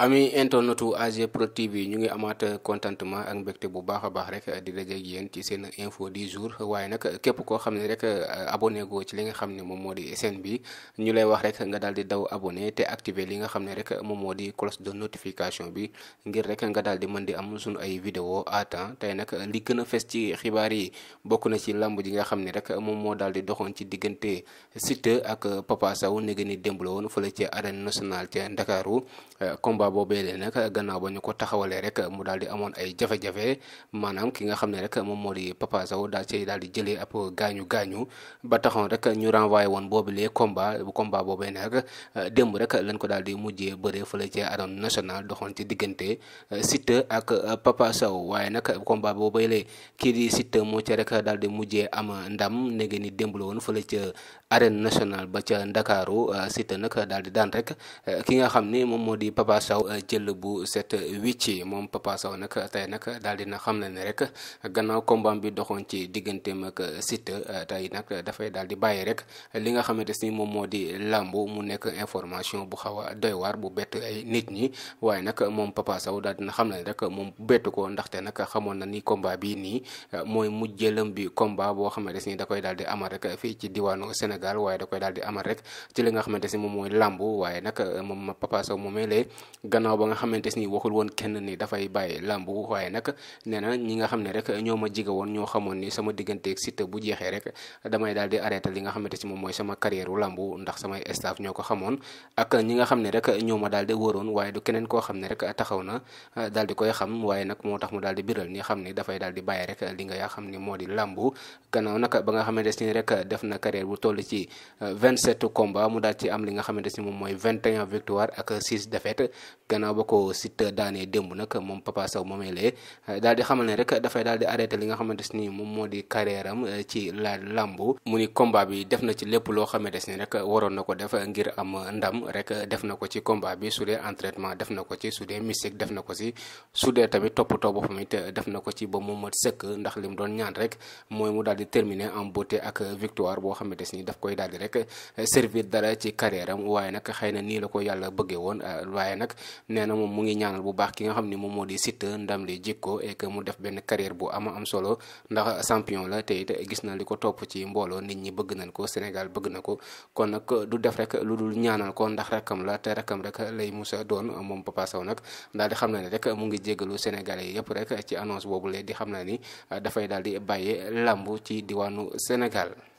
ami internetu AG Prod TV ñu ngi amaat contentement ak mbégte bu baax a baax rek di dajeeg yéen ci seen info du jour waaye nag képp koo xam ne rek euh, abonné goo ci li nga xam ne moom moo di seen bi ñu lay wax rek nga daal di daw abonné te activer li nga xam ne rek moom moo di cloche de notification bi ngir rek nga daal di mën di am suñu ay vidéo à temps tey nag li gën a fes ci xibaar yi bokk na ci làmb ji nga xam ne rek moom moo daal di doxoon ci diggante Siteu ak Papa Sow ne ni démb la woon fële ca arène nationale ca Ndakaaru euh, combat loi boobee lee nag gannaaw ba ñu ko taxawalee rek mu daal di amoon ay jafe-jafe maanaam ki nga xam ne rek moom moo di Papa Sow daal cay daal di jëlee ab gaañu gaañu ba taxoon rek ñu renvoyé woon boobu lee combat combat boobee nag démb rek lañ ko daal di mujjee bëree fële ci arène nationale doxoon ci diggante Siteu ak Papa waaye nag combat boobee lee kii di Siteu moo ca rek daal di mujjee am ndam nege ni démb woon fële ca arène national ba ca Ndakaaru Siteu nag daal daan rek ki nga xam ni moom moo di Papa Sow ginnaaw euh, jël bu set wicci moom Papa Sow nag tey nag daal na xam na ne rek gannaaw combat bi doxoon ci diggante digganteem sit te euh, tey nag dafay daal di bàyyi rek li nga xamante ni moom moo di làmbu mu nekk information bu xaw a doy bu bett nit ñi waaye nag moom Papa Sow daal dina xam na ne rek moom bettu ko ndaxte nag xamoon na ni combat bii nii euh, mooy mujjëlam bi combat boo xamante ni da koy daal di amal rek fii ci diwaanu Sénégal waaye da koy daal di amal rek ci li nga xamante ni moom mooy làmbu waaye nag moom Papa Sow moomee gannaaw ba nga xamante ni waxul woon kenn ni dafay bàyyi làmb waaye nag nee na ñi nga xam ne rek ñoo ma jige woon ñoo xamoon nii sama digganteeg Siteu bu jeexee rek damay daal di arrêté li nga xamante ni moom mooy sama carrière làmb ndax samay staff ñoo ko xamoon ak ñi nga xam ne rek ñoo ma daal di waaye du keneen koo xam ne rek taxaw na ah, daal di koy xam waaye nag moo tax mu daal di biral ni xam ni dafay daal di bàyyi rek nga yaa xam ni moo di làmb gannaaw nag ba nga xamante ni rek def na carrière bu toll ci 27 ah, combats mu daal ci am li nga xamante ni moom mooy 21 victoire ak 6 gannaaw ba ko Siteu daanee démb nag moom Papa saw moomee lee daal di xamal ne rek dafay daal di arrêté li nga xamante ni moom moo di carrière eh, ci la làmbu mu ni combat bi def na ci lépp loo xamante ni rek waroon na ko def ngir am ndam rek def na ko ci combat bi su dee entraînement def na ko ci su dee mystique def na ko ci su dee tamit toppatoo boppam it def na ko ci ba mu mat sëkk ndax mu doon ñaan rek mooy mu daal di terminer en beauté ak victoire boo xamante ni daf koy daal rek servir dara ci carrière waaye nag xëy na nii la ko yàlla bëggee woon eh, waaye nag nee na moom mu ngi ñaanal bu baax ki nga xam ni moom moo di Siteu ndam li jikko et que mu def benn carrière bu ama am solo ndax champion la tey it gis na li ko topp ci mbooloo nit ñi bëgg nañ ko Sénégal bëgg na ko kon nag du def rek lu dul ñaanal ko ndax rakam la te rakam rek lay musa doon moom Papa nag daal di xam ne rek mu ngi jégalu Sénégalais yëpp rek ci annonce boobu la di xam na ni dafay daal di bàyyee làmb ci diwaanu Sénégal